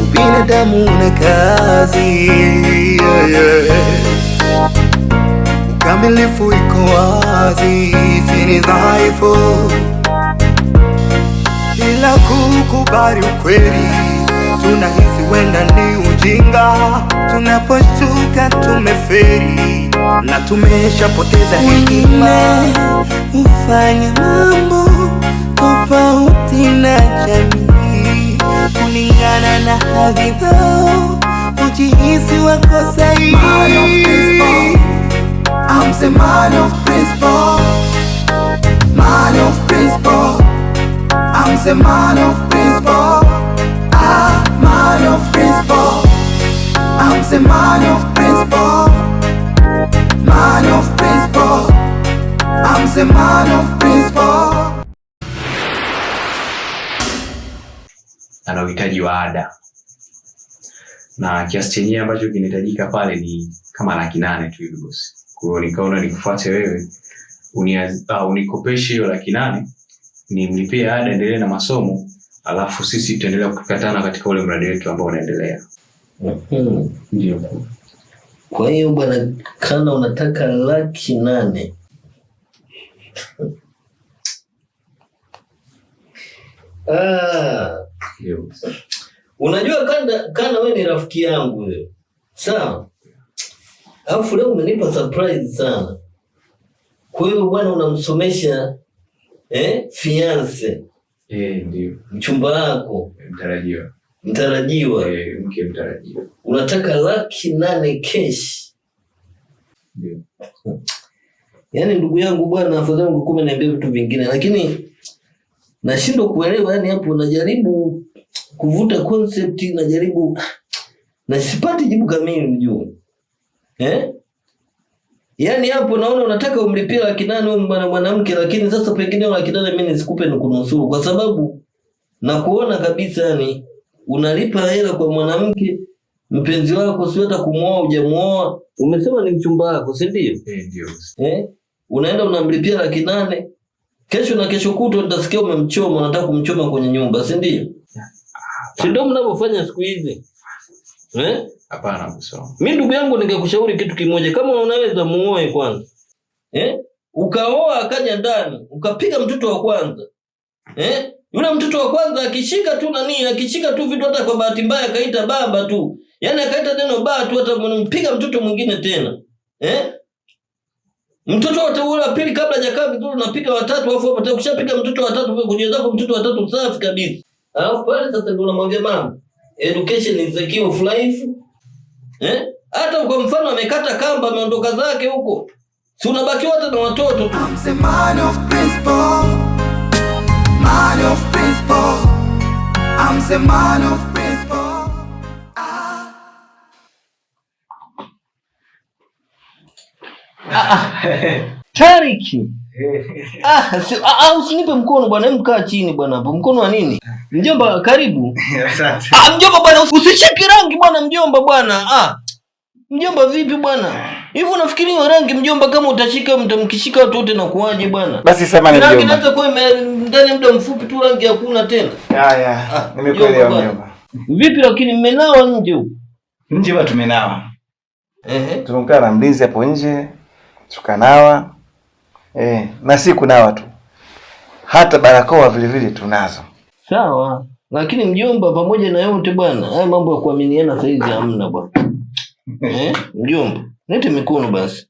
Ubinadamu una kazi yeah, yeah. Ukamilifu iko wazi, sini dhaifu ila kukubali ukweli tunahisi wenda ni ujinga tunaposhuka tumeferi na tumeshapoteza hekima. Ufanya mambo tofauti na jamii kulingana na hadhi zao, hujihisi wako sahihi. Man of principle. Man of principle. I'm the man of principle. Say man of principle, man of principle. I'm say man of principle. Ana uhitaji wa ada na kiasi chenyewe ambacho kinahitajika pale ni kama laki nane tu hivi bosi. Kwa hiyo nikaona nikufuate wewe ah, unikopeshe hiyo laki nane nimlipie ada, endelee na masomo, alafu sisi tutaendelea kukatana katika ule mradi wetu ambao unaendelea ndio. Kwa hiyo bwana, kana unataka laki nane ah. Unajua kana, kana we ni rafiki yangu wewe. sawa? Alafu leo umenipa surprise sana. Kwa hiyo bwana, unamsomesha eh, fiance eh, ndio mchumba wako mtarajiwa mtarajiwa, mke mtarajiwa, unataka laki nane keshi yeah. Yaani ndugu yangu bwana, afadhali ungekuwa unaniambia vitu vingine, lakini nashindwa kuelewa. Yani hapo najaribu kuvuta concept, najaribu na sipati jibu kamili, unajua eh? Yaani hapo naona unataka umlipie laki nane wewe bwana mwanamke, lakini sasa pengine laki nane mimi nisikupe nikunusuru, kwa sababu nakuona kabisa yani unalipa hela kwa mwanamke mpenzi wako, sio hata kumwoa, hujamwoa, umesema ni mchumba wako, si eh, ndio? Eh, unaenda unamlipia laki nane kesho na kesho kutwa nitasikia umemchoma, unataka kumchoma kwenye nyumba, si ndio? Si ndio mnavyofanya siku hizi eh? Hapana, mimi ndugu yangu, ningekushauri kitu kimoja, kama unaweza muoe kwanza eh? Ukaoa akaja ndani ukapiga mtoto wa kwanza eh? Yule mtoto wa kwanza akishika tu nani, akishika tu vitu, hata kwa bahati mbaya akaita baba tu, yaani akaita neno baba tu, hata mpiga mtoto mwingine tena eh? Mtoto wa ule wa pili kabla hajakaa vizuri unapiga watatu, afu hapo ukishapiga mtoto watatu kujiweza kwa mtoto wa tatu safi kabisa, alafu pale sasa ndio unamwambia mama, education is the key of life eh? Hata kwa mfano amekata kamba ameondoka zake huko, si unabakiwa hata na watoto tu man of principle. I'm the man of principle. Ah. Ah, Tariki. Ah, si, ah, ah, usinipe mkono bwana, mkaa chini bwana hapo. Mkono wa nini? Mjomba karibu. Asante. Ah, mjomba bwana, usishike rangi bwana mjomba bwana. Ah. Mjomba vipi bwana? Hivi unafikiri hiyo rangi mjomba, kama utashika mtamkishika watu wote na kuwaje bwana? Basi sema ni mjomba. Rangi inaweza kuwa ndani muda mfupi tu rangi hakuna tena. Haya, nimekuelewa ah, mjomba. Vipi lakini mmenawa nje huko? Nje watu tumenawa. Ehe. Tunakaa na mlinzi hapo nje. Tukanawa. Eh, na si kunawa tu. Hata barakoa vile vile tunazo. Sawa. Lakini mjomba, pamoja na yote bwana, haya mambo ya kuaminiana saizi hamna bwana. Eh? Mjomba, nete mikono basi.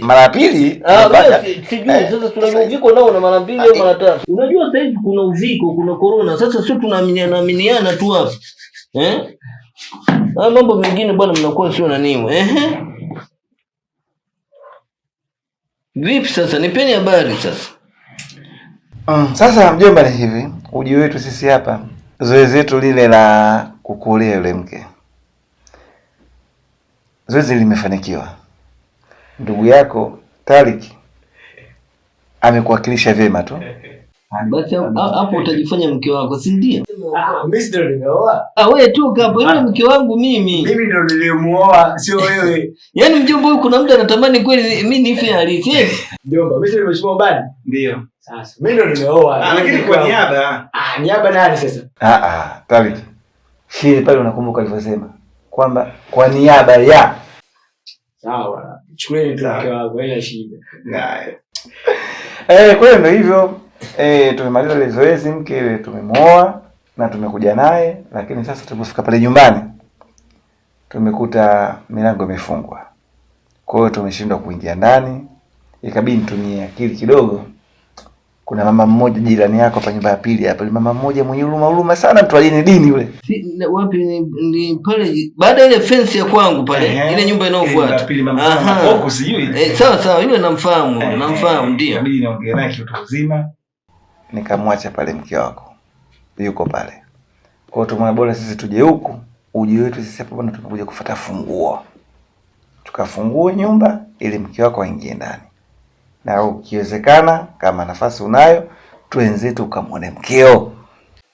Mara ya pili ah, sijui eh. sasa, tuna uviko nao na mara mbili au ah, mara eh. tatu. Unajua sasa hivi kuna uviko, kuna corona. Sasa sio tunaaminiana tu hapa eh? Ah, mambo mengine bwana, mnakuwa sio nanimu eh? Vipi sasa, nipeni habari sasa. Mm, sasa mjomba, ni hivi uji wetu sisi hapa zoezi letu lile la kukulia yule mke zoezi limefanikiwa. Ndugu yako Tariki amekuwakilisha vyema tu. Basi hapo utajifanya mke wako, si ndio? Mimi ah, ndio nimeoa. Ah, wewe tu kapo, yule mke wangu mimi. Mimi ndio nilimuoa, sio wewe. Yaani mjomba huyu kuna mtu anatamani kweli mimi nife halisi. Eh? Mjomba, mimi ndio nimeshimwa bani? Ndio. Sasa mimi ndio nimeoa. Ah, lakini kwa niaba. Ah, niaba nani sasa? Ah ah, Tariki. Shie pale unakumbuka alivyosema kwamba kwa niaba ya sawa, chukueni tu Eh, kwa hiyo ndio hivyo eh, tumemaliza ile zoezi, mke tumemwoa na tumekuja naye, lakini sasa tulipofika pale nyumbani tumekuta milango imefungwa, kwa hiyo tumeshindwa kuingia ndani, ikabidi nitumie akili kidogo kuna mama mmoja jirani yako hapa nyumba ya pili hapa, mama mmoja mwenye huruma huruma sana, mtu alini dini yule. Wapi? Ni ni pale baada ile fence ya kwangu pale, ile nyumba inayofuata ya pili, mama huko, sijui eh. Sawa sawa, yule namfahamu, namfahamu, ndio mimi naongea naye kitu kizima. Nikamwacha pale, mke wako yuko pale kwao, tumwona bora sisi tuje huku, uje wetu sisi hapa bwana, tunakuja kufuata funguo, tukafungue nyumba ili mke wako aingie ndani na ukiwezekana, kama nafasi unayo, tuenze tukamwone mkeo.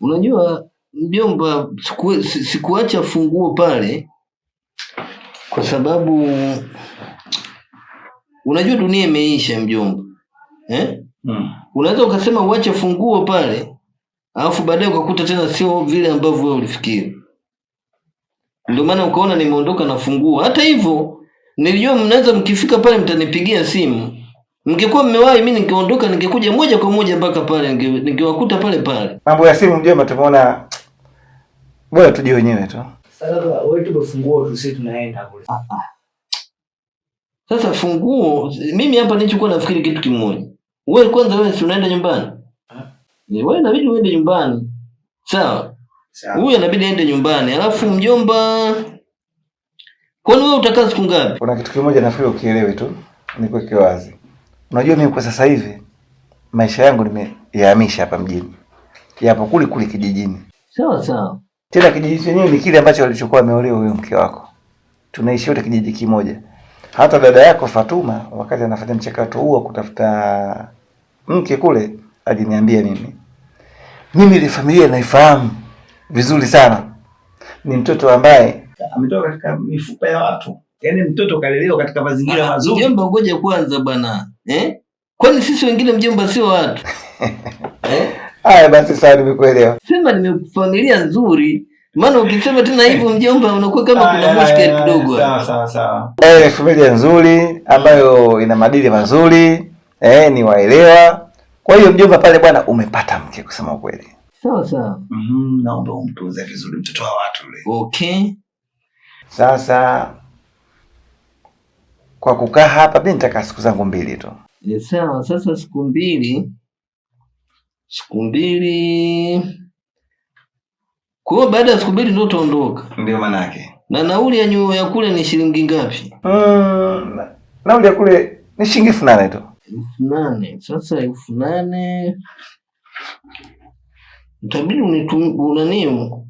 Unajua mjomba, siku, sikuacha funguo pale kwa sababu unajua dunia imeisha mjomba, eh? Hmm. Unaweza ukasema uache funguo pale alafu baadaye ukakuta tena sio vile ambavyo wewe ulifikiri, ndio maana ukaona nimeondoka na funguo. Hata hivyo nilijua mnaweza mkifika pale mtanipigia simu Mngekuwa mmewahi, mimi ningeondoka, ningekuja moja kwa moja mpaka pale, ningewakuta pale pale. Mambo ya simu, mjomba, tumeona bora tuje wenyewe tu. Ah, ah. Sasa funguo, mimi hapa nilichokuwa nafikiri kitu kimoja. Wewe kwanza, wewe si unaenda nyumbani? Ni eh, wewe inabidi uende nyumbani, sawa? Sawa. Huyu inabidi aende nyumbani, alafu mjomba, kwani wewe utakaa siku ngapi? Kuna kitu kimoja nafikiri ukielewe tu, nikuweke wazi Unajua mimi kwa sasa hivi maisha yangu nimeyahamisha hapa mjini, yapo kuli kuli kijijini. Sawa sawa. Tena kijiji chenyewe ni kile ambacho walichokuwa ameolewa huyo mke wako. Tunaishi wote kijiji kimoja. Hata dada yako Fatuma wakati anafanya mchakato huo kutafuta mke kule aliniambia mimi. Mimi ile familia naifahamu vizuri sana. Ni mtoto ambaye ametoka katika mifupa ya watu. Yaani mtoto kalelewa katika mazingira ah, mazuri. Jembe ngoja kwanza bwana eh? Kwani sisi wengine mjomba sio watu eh? Haya basi, sawa, nimekuelewa. Sema nimefamilia nzuri, maana ukisema tena hivyo mjomba, unakuwa kama kuna mushkeli kidogo. Sawa sawa sawa, eh, familia nzuri ambayo ina madili mazuri eh, ni waelewa. Kwa hiyo mjomba pale bwana, umepata mke kusema kweli. Sawa sawa, mhm, naomba umtunze vizuri mtoto wa watu yule. Okay, sasa kwa kukaa hapa, mi nitakaa siku zangu mbili tu. Ni e, sawa. Sasa siku mbili, siku mbili, kwa hiyo baada ya siku mbili ndio utaondoka? Ndio maana yake. Na nauli ya nyuo ya kule ni shilingi ngapi? Mm, nauli ya kule ni shilingi elfu nane tu. elfu nane sasa, elfu nane utabidi unanimu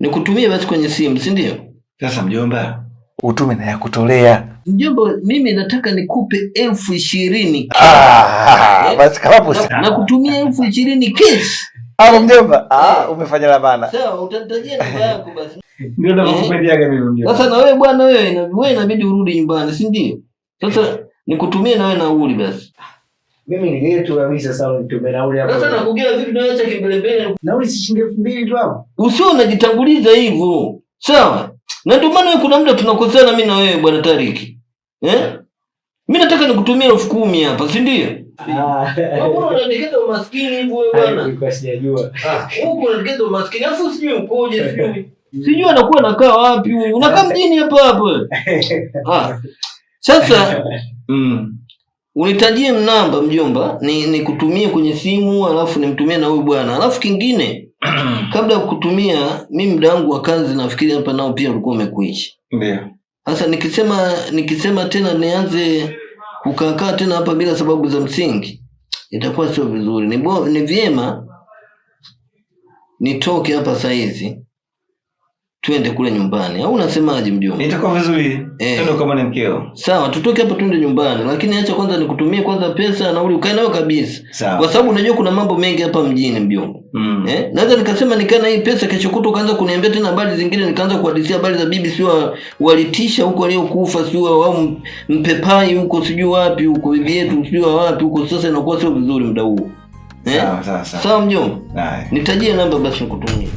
nikutumie basi kwenye simu, si ndio? Sasa mjomba utume na ya kutolea. Mjomba, mimi nataka nikupe elfu ishirini ah, eh, basi kalapo sana. Na kutumia elfu ishirini kesi. Ah, mjomba, ah, eh. umefanya la bana. Sawa, utanitajia namba yako basi. Ndio eh. nakupediaga mimi mjomba. Sasa na wewe bwana wewe, na wewe inabidi urudi nyumbani, si ndio? Sasa nikutumie na wewe nauli basi. Mimi ni yetu kabisa sawa nitume nauli hapo. Sasa nakugea vipi na wewe cha kimbelembele? Nauli si shilingi 2000 tu hapo. Usio unajitanguliza hivyo. Sawa? Na ndio maana kuna muda tunakosana mimi na wewe bwana Tariki. Eh? Mimi nataka nikutumie elfu kumi hapa, si ndio? Ah. Ah, sijui anakuwa nakaa wapi huyu. Unakaa mjini hapa hapa. Ah. Sasa mm unitajie mnamba mjomba, ni nikutumie kwenye simu, alafu nimtumie na huyu bwana. Alafu kingine kabla ya kutumia mi, muda wangu wa kazi nafikiri hapa nao pia ulikuwa umekuisha. Ndio sasa nikisema nikisema tena nianze kukaakaa tena hapa bila sababu za msingi, itakuwa sio vizuri. Ni, ni vyema nitoke hapa saizi twende kule nyumbani au unasemaje mjomba? Itakuwa vizuri. Eh. Ndio kama ni mkeo. Sawa, tutoke hapa twende nyumbani, lakini acha kwanza nikutumie kwanza pesa na uli ukae nayo kabisa. Kwa sababu unajua kuna mambo mengi hapa mjini mjomba. Mm. Eh? Naweza nikasema nikae na hii pesa kesho kutu kaanza kuniambia tena habari zingine nikaanza kuhadithia habari za bibi sio walitisha huko aliyokufa sio au mpepai huko sijui wapi huko bibi yetu sio wapi huko sasa inakuwa sio vizuri muda huo. Eh? sawa sawa. Sawa mjomba. Nitajie namba basi nikutumie.